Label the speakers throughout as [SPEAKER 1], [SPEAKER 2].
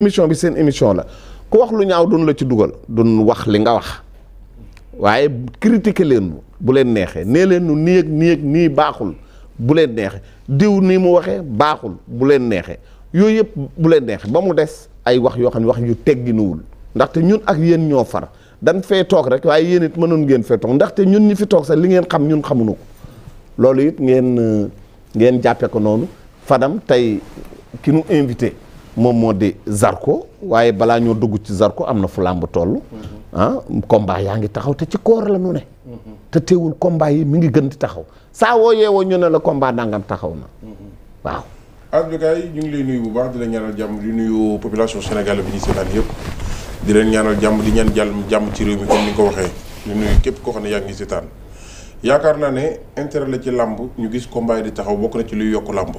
[SPEAKER 1] émission bi seen émission la ku wax lu ñaaw doon la ci dugal doon wax li nga wax waaye critiquer leen bu leen neexee nee leen nu nii néeg nii baaxul bu leen neexee diw nii mu waxee baaxul bu leen neexee yooyu yëpp bu leen neexee ba mu des ay wax yoo xam ne wax yu tegginuwul ndaxte ñun ak yéen ñoo far dan fee toog rek waaye yéen it mënoon ngeen fee toog ndaxte ñun ñi fi toog sax li ngeen xam ñun xamuñu ko loolu it ngeen ngeen jàppe ko noonu Fadam tey ki invité moom moo di Zarko waaye balaa ñoo dugg ci Zarko am na fu làmb toll. ah combat yaa ngi taxaw te ci koor la ñu ne. te teewul combat yi mi ngi gën di taxaw saa woo yeewoo ñu ne la combat dangam taxaw na waaw.
[SPEAKER 2] Abdoulaye ñu ngi lay nuyu bu baax di la ñaanal jàmm di nuyu population sénégalaise yëpp di leen ñaanal jàmm di ñaan jàll jàmm ci réew mi comme ni nga ko waxee di nuyu képp koo xam ne yaa ngi seetaan yaakaar naa ne intérêt la ci làmb ñu gis combat yi di taxaw bokk na ci luy yokk làmb.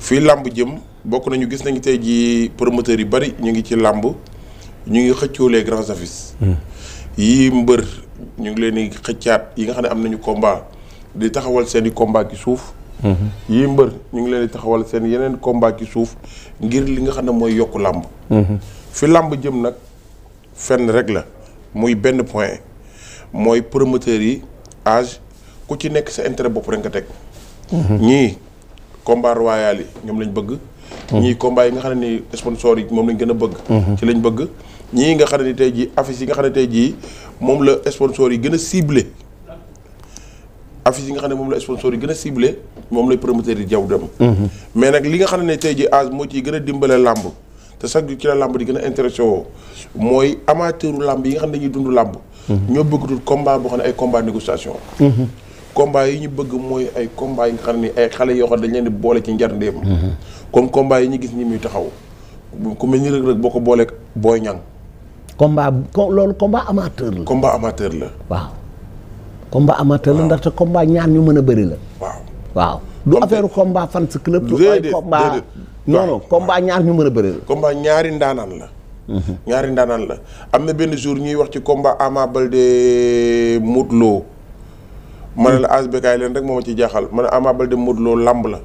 [SPEAKER 2] fii làmb jëm bokk nañu gis nañu tey jii promoteurs yu bari ñu ngi ci làmb ñu ngi xëccoo lee grands offices. Hmm. yii mbër ñu ngi leen di xëccaat yi nga xam ne am nañu combat di taxawal seen i combat ci suuf. Hmm. yii mbër ñu ngi leen taxawal seen yeneen combat ci suuf ngir li nga xam ne mooy yokk làmb. Hmm. fi làmb jëm nag fenn rek la muy benn point mooy promoteurs yi age ku ci nekk sa intérêt bopp rek nga teg. ñii. combat royal yi ñoom lañ bëgg. ñii combat yi nga xam ne nii sponsor yi moom lañ gën a bëgg. Mhm. ci lañ bëgg ñii nga xam ne tey jii affiche yi nga xam ne tey jii moom la sponsor yi gën a ciblé. affiche nga xam ne moom la sponsor yi gën a ciblé moom lay promoteur yi jaw dem. Mhm. mais nag li nga xam ne tey jii âge moo ciy gën a dimbale làmb te sax ci la làmb di gën a intéressé woo mooy amateuru làmb yi nga xam ne dañuy dund làmb. Mhm. ñoo bëggatul combat boo xam ne ay combat négociation. combat yi ñu bëgg mooy ay combat yi nga xam ne ay xale yoo xam dañ leen di boole ci njar ndéem comme combat yi ñu gis ñi muy taxaw ku boo ko boolee Boy Niang combat loolu combat amateur la amateur la
[SPEAKER 1] waaw combat amateur la ndaxte combat ñu mën a bëri la
[SPEAKER 2] waaw waaw
[SPEAKER 1] du affaire combat fans club du ay ñu mën a bëri
[SPEAKER 2] la ñaari ndaanaan la mhm. ñaari ndaanaan la am na benn jour ñuy wax ci komba Ama Baldé Modou ma la as bekaay leen rek moo ma ci jaaxal ma ne Ama Baldé Modou Lo lamb la.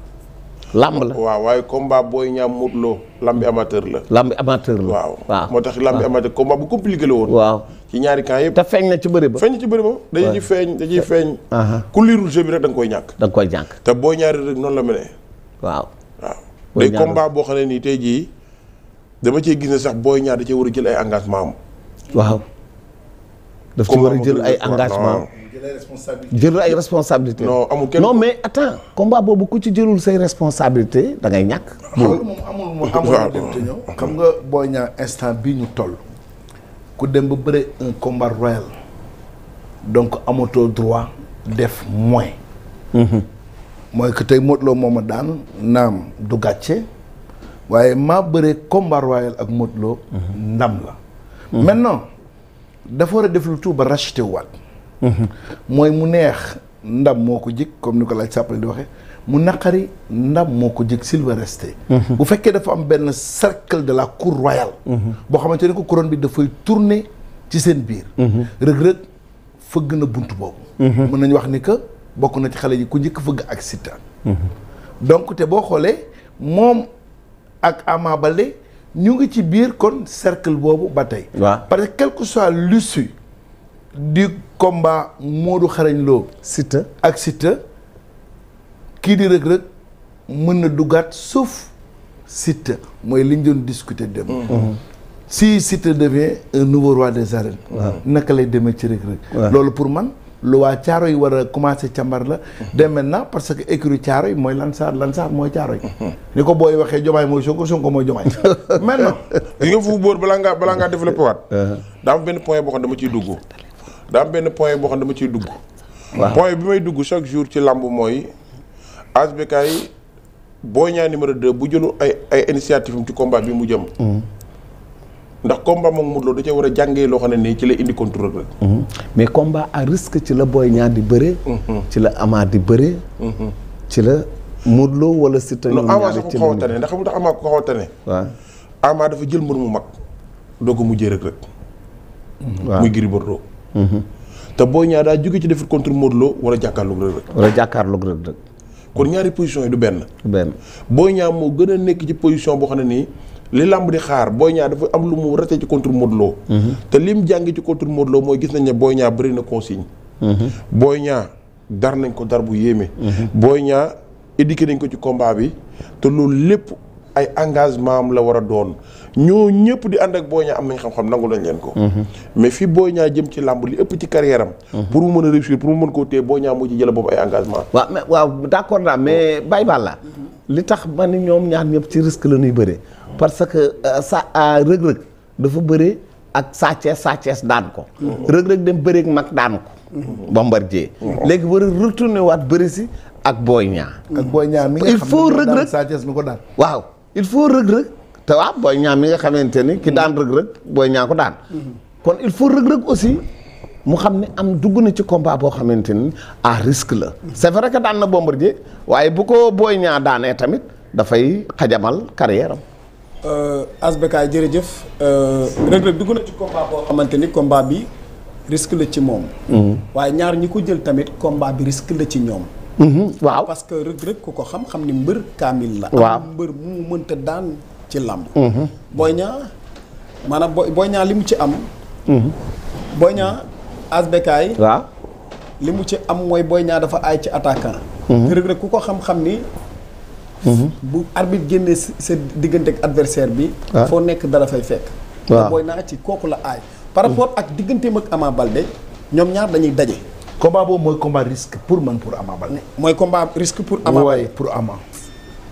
[SPEAKER 2] lamb la waaw waaye combat booy ñaam Modou Lo lambi amateur la.
[SPEAKER 1] lambi amateur la waaw. waaw moo tax lambi amateur
[SPEAKER 2] combat bu compliqué la woon. waaw ci ñaari camp yëpp. te feeñ na ci bëri ba. ci bëri ba dañuy feeñ dañuy feeñ. Uh-huh. ku liirul jeu bi rek da nga koy ñàkk. da koy ñàkk te booy ñaari rek noonu la mel
[SPEAKER 1] waaw. waaw
[SPEAKER 2] boo xam ne nii tey jii dama cee gis ne sax booy ñaar da cee war a jël ay engagement am.
[SPEAKER 1] waaw. daf ci war a jël ay engagement jël ay responsabilité non amul kenn non mais attends combat boobu ku ci jëlul say responsabilité da ngay ñàkk. moom amul moom amul dem te ñëw. xam nga Boy Niang instant bii ñu toll. ku dem ba bëre un donc amatoo droit def mhm. que tey Modou moom a daan naam du gàcce. waaye maa bëree combat royal ak Modou mhm. ndam la. Mhm. maintenant dafa war a def lu tuuba racheté waat. mooy mu neex ndam moo ko jëkk comme ni ko laaj sàppali di waxee mu naqari ndam moo ko jig s'il veut mhm. bu fekkee dafa am benn cercle de la cour royale mhm. boo xamante ne ko couronne bi dafay tourner ci seen biir rëg-rëg mhm. fëgg na bunt boobu mën nañu wax ni que bokk na ci xale yi ku njëkk fëgg ak Siteu donc te boo xoolee moom ak Ama Baldé ñu ngi ci biir kon cercle boobu ba tey waaw parce que quel du combat Modou Xarañ Lo. Siteu ak Siteu kii di Reug Reug mën na duggaat suuf Siteu mooy liñ doon discuter dem mhm. mhm. si Siteu devient un nouveau roi des arènes. naka lay demee ci Reug Reug loolu pour man lu waa caaro yi war a commencé càmbar la. Mhm. dès maintenant parce que écurie caaro yi mooy lansaar lansaar mooy caaro yi. ni ko booy waxee jomaay mooy Sonko Sonko mooy jomaay. maintenant.
[SPEAKER 2] li nga fu bóor balaa ngaa balaa ngaa développé waat. daa am benn point boo xam dama ciy dugg. daa benn point boo xam dama ciy dugg. waaw point bi may dugg chaque jour ci làmb mooy ASBK yi Boy Niang numéro 2 bu jëlu ay ay initiative ci combat bi mu jëm. Mm-hmm. ndax combat moom Modou Lo da cee war a jàngee loo xam ne nii ci la indi contrôle rek.
[SPEAKER 1] Mm-hmm. mais combat à risque ci la booy ñaar di bëre. Mm-hmm. ci la Ama di bëre. ci la
[SPEAKER 2] Modou Lo wala Siteu. ñoom ci xaw ndax mu nga Ama ko xaw tane. waaw dafa jël mbër mu mag doo ko mujjee rek rek. muy Gris Bordeaux. Mhm. te Boy Niang daa jóge ci defet contre Modou Lo war a jàkkaarloog rek Reug. war kon ñaari position yi du benn. du benn Boy Niang moo gën a nekk ci position boo xam ne nii li làmb di xaar Boy ñaa dafa am lu mu rate ci contre Modou Lo. Mhm. te lim jàng ci contre Modou Lo mooy gis nañ ne Boy ñaa bëri na consigne. Mhm. Boy ñaa dar nañ ko dar bu yéeme. Boy ñaa éduqué nañ ko ci combat bi te loolu lépp. ay engagement am la war a doon ñoo ñëpp di ànd ak Boy Niang am nañ xam-xam nangu nañ leen ko. Mhm. mais fi Boy Niang jëm ci làmb li ëpp ci carrière am. Mhm. pour mu mën a réussir pour mu mën koo téye Boy Niang moo ci jëla boobu ay engagement. waaw mais waaw d'accord naa mais
[SPEAKER 1] Baye Balla mhm. li tax ma ni ñoom ñaar ñëpp ci risque la ñuy bëree. parce que euh, sa rëg-rëg dafa bëree ak Sa Thiès daan ko. rëg-rëg dem bëree ak mag daan ko. Bombardier léegi war a retourné waat bëri si ak Boy Niang. ak Boy Niang mi xam ne il ko daan waaw. il faut rëg-rëg te waaw booy ñaa mi nga xamante ni ki daan rëg-rëg booy ñaa ko daan kon il faut rëg-rëg aussi mu xam ne am dugg na ci combat boo xamante ni à risque la c'est vrai que daan na Bombardier waaye bu ko booy ñaa daanee tamit dafay xajamal carrière am euh, Asbekaay jërëjëf euh, rëg-rëg dugg na ci combat boo xamante ni combat bi risque la ci moom mm-hmm. waaye ñaar ñi ko jël tamit combat bi risque la ci ñoom Mm-hmm. waaw parce que Reug Reug ku ko xam xam ni mbër kaamil la. waaw mbër mu mënta daan ci làmb. Mm-hmm. Boy Niang maanaam Boy Niang li mu ci am. Mm-hmm. Boy Niang asbekaay. li mu ci am mooy booy Niang dafa aay ci attaquant. Reug Reug ku ko xam-xam ni. bu arbitre génnee sa diggante adversaire bi. Ah. foo nekk dara fay fekk. waaw Boy Niang ci kooku la aay. par rapport ak digganteem ak Ama Baldé ñoom ñaar dañuy daje. combat boobu mooy combat risque pour man pour Ama Baldé. mooy combat risque pour. Ama Baldé pour Ama.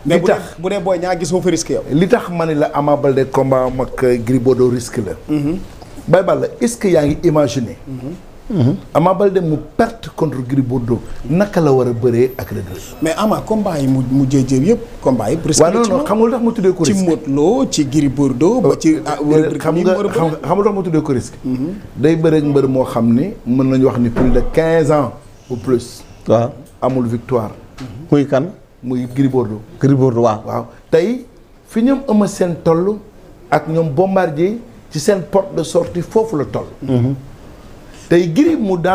[SPEAKER 1] mais bu dee booy ñaa gisoo fa risque yow. li tax ma ne la Ama Baldé combat am ak Gris Bordeaux la. Mhm. Baye Balla est-ce que yaa ngi imaginer. Mhm. Mm-hmm. Ama Baldé mu perte contre Gris Bordeaux naka la war a bëree ak Reug Reug mais Ama combat yi mu mu jéejee yëpp combat yi. presque waaw non non xam nga lu tax ma tuddee ko risque ci Modou Lo ci Gris Bordeaux ba ci.
[SPEAKER 2] Ah, euh, xam nga xam nga
[SPEAKER 1] xam nga lu tax ma tuddee ko risque. Mm-hmm. day bëree ak mbër moo xam ni mën nañu wax ni plus de quinze ans ou plus. waaw amul victoire. Mm-hmm. muy kan. muy Gris Bordeaux. Gris Bordeaux waaw. waaw tey fi ñoom Eumeu seen toll ak ñoom Bombardier ci seen porte de sortie foofu la toll. tey Gris mu daal